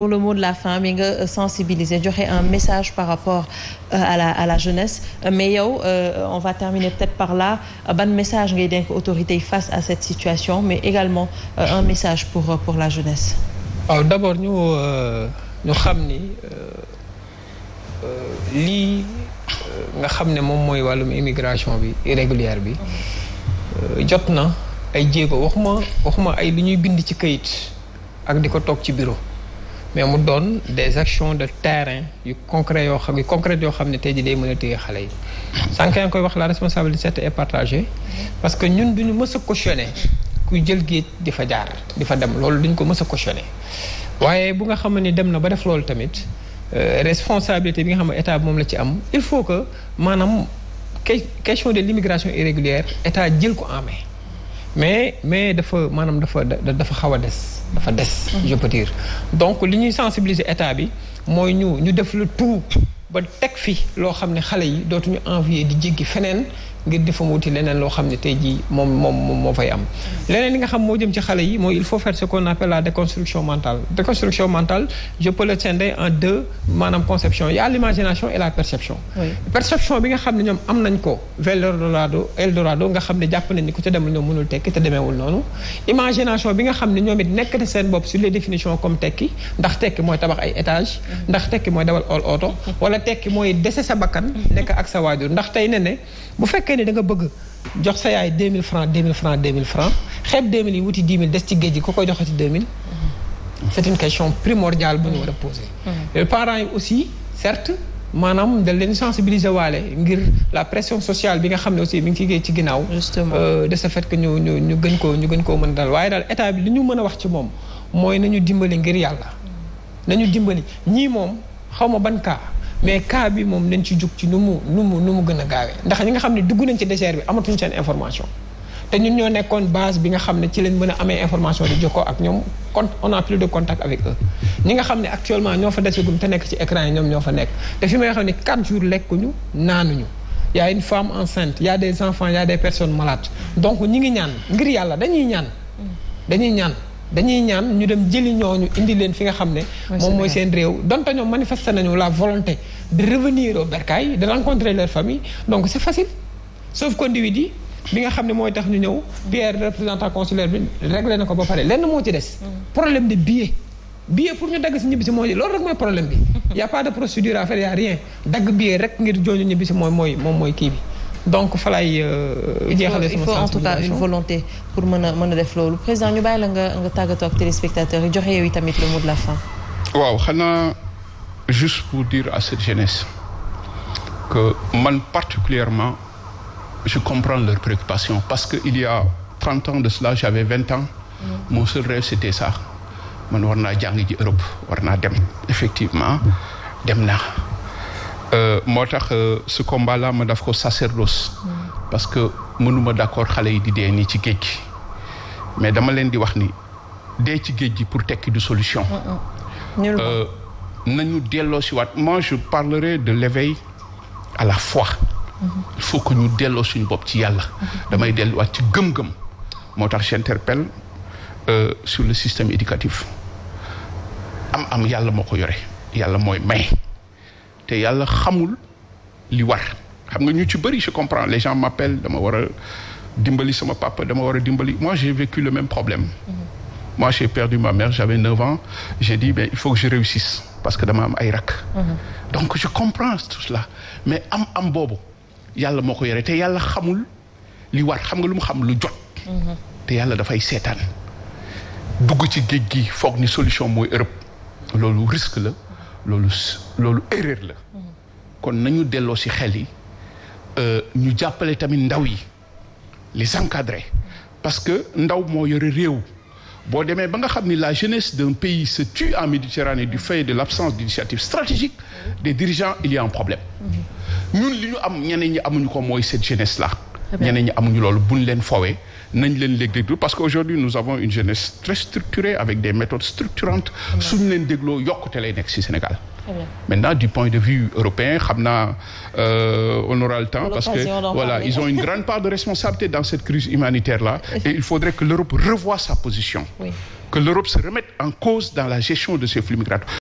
pour le mot de la fin mi nga euh, sensibiliser joxe un message par rapport euh, à la à la jeunesse euh, mais yow on va terminer peut par là ban message ngay dénk autorité yi face à cette situation mais également un message pour pour la jeunesse. waaw d'abord ñu ñu xam ni lii nga xam ne moom mooy wàllum immigration bi irrégulière bi jot na ay jéego waxuma waxuma ay lu ñuy bind ci kayit ak di ko toog ci bureau. mais mu doon des actions de terrain yu concret yoo xam yu concrètes yoo xam ne tey jii day mën a téye xale yi sànq yaa koy wax la responsabilité est partagée parce que ñun du ñu mës a cautionner kuy jël géej di fa jaar di fa dem loolu duñ ko mës a cautionner waaye bu nga xam ni dem na ba def loolu tamit euh, responsabilité bi nga xam état moom la ci am il faut que maanaam question de l'immigration irrégulière état jël ko en mais mais dafa maanaam dafa dafa xaw a des dafa des je peux donc li ñuy sensibiliser état bi mooy ñu ñu def le tout ba teg fi loo xam ne xale yi dootuñu envoyé di jéggi feneen ngir di fa wuti leneen loo xam ne tey jii moom moom moom moo fay am. leneen li nga xam moo jëm ci xale yi mooy il faut faire ce qu'on appelle la déconstruction mentale déconstruction mentale je peux le maanaam conception il y a l'imagination et la perception. Oui. perception bi nga xam ne ñoom am nañ ko vers l'Eldorado Eldorado nga xam ne jàpp nañ ni ku ca demul ñoom mënul tekki te demeewul noonu. imagination bi nga xam ne ñoom it nekk na seen bopp sur les définitions comme tekki ndax tekki mooy tabax ay étages. Mm-hmm. ndax tekki mooy dawal ool la tekki mooy dese sa bakkan nekk ak sa waajur ndax tey ne ne bu fekkee ne da nga bëgg jox sa yaay 2000 francs 2000 francs 2000 francs xeeb 2000 yi wuti 10 000 des ci géej gi ko koy joxati 2000 c'est une question primordiale bu ñu war a poser les mm-hmm. parents yi aussi certes maanaam da leen sensibiliser waale ngir la pression sociale bi nga xam ne aussi mi ngi ciy ci ginnaaw euh, de ce fait que ñu gën koo ñu gën koo mën dal waaye daal état bi li ñu mën a wax ci moom mooy nañu dimbali ngir yàlla nañu dimbali ñii moom xaw ma ban cas mais cas bi moom lañ ci jug ci nu mu nu mu nu mu gën a gaawee ndax ñi nga xam ne dugg nañ ci désert bi amatuñ seen information te ñun ñoo nekkoon base bi nga xam ne ci lañ mën a amee information di jokkoo ak ñoom kon on a plus de contact nga xam ne actuellement ñoo fa desee desegum te nekk ci écran yi ñoom ñoo fa nekk te fi may xam ne quatre jours lekkuñu naanuñu ñu a une femme enceinte y a des enfants y a des personnes malades donc ñi ngi ñaan ngir yàlla dañuy ñaan mm. dañuy ñaan dañuy ñaan ñu dem jëli ñooñu indi leen fi nga xam ne moom mooy seen réew donte ñoom manifesté nañu la volonté de revenir au bercail de leur famille donc c'est facile sauf conduite yi bi nga xam ne mooy tax ñu ñëw Pierre représentant consulaire bi réglé na ko ba pare lenn moo ci des mm. problème de billet billet pour ñu dagg si ñibbi si mooy loolu rek mooy problème bi y a pas de procédure à faire y rien dagg billet rek ngir jooñu ñibbi si mooy mooy moom mooy kii bi donc fa laay jeexale euh, sama il faut en tout volonté pour mën a mën a def loolu président ñu bàyyi la nga nga tàggatoo ak téléspectateurs yi joxe yow yi tamit le mot de la fin. waaw xanaa juste pour dire à cette jeunesse que man particulièrement je comprends leurs préoccupations parce que il y a trente ans de cela j'avais vingt ans. Mm. mon seul rêve c'était ça man war naa jàng ji Europe war naa dem effectivement dem naa. Euh, moo tax euh, ce combat là ma daf ko sacerdoce mm. parce que mënuma d'accord xale yi di dee nii ci géej gi mais dama leen di wax ni dee ci géej gi pour tekki du solution mm, mm. Euh, nañu delloo si waat moi je parlerai de l'éveil à la foi mm-hmm. il faut ñu delloo suñu bopp ci yàlla mm-hmm. damay delluwaat ci gëm-gëm moo tax j'interpelle sur le système éducatif am am yàlla moo ko yore yàlla mooy may te yàlla xamul li war xam nga ñu ci bëri je comprends les gens m'appellent dama war a dimbali sama papa dama war a dimbali moi j'ai vécu le même problème mm-hmm. moi j'ai perdu ma mère j'avais neuf ans j'ai dit mais il faut que je réussisse parce que dama am ay rak mm-hmm. donc je comprends tout cela mais am am boobu yàlla moo ko yore te yàlla xamul li war xam nga lu mu xam lu jot mm-hmm. te yàlla dafay seetaan dugg ci géej gi foog ni solution mooy Europe loolu risque la loolu loolu erreur la mm-hmm. kon nañu delloo ci xel yi euh, ñu jàppale tamit ndaw yi les encadrer mm-hmm. parce que ndaw moo yore réew boo demee ba nga xam ni la jeunesse d'un pays se tue en Méditerranée du fait de l'absence d'initiative stratégique mm-hmm. des dirigeants il y a un problème ñun li ñu am ñeneen ñi amuñu ko mooy cette jeunesse là a ñi amuñu loolu buñ leen fowee nañ leen léeg déglu parce que aujourd'hui nous avons une jeunesse très structurée avec des méthodes structurantes suñu leen dégloo yokkute lay nekk ci du point de vue européen xam naa euh, le temps parce que voilà ils ont une grande part de responsabilité dans cette crise humanitaire là et il faudrait que l'Europe revoie sa position que l'Europe se remette en cause dans la gestion de ces flux migratoires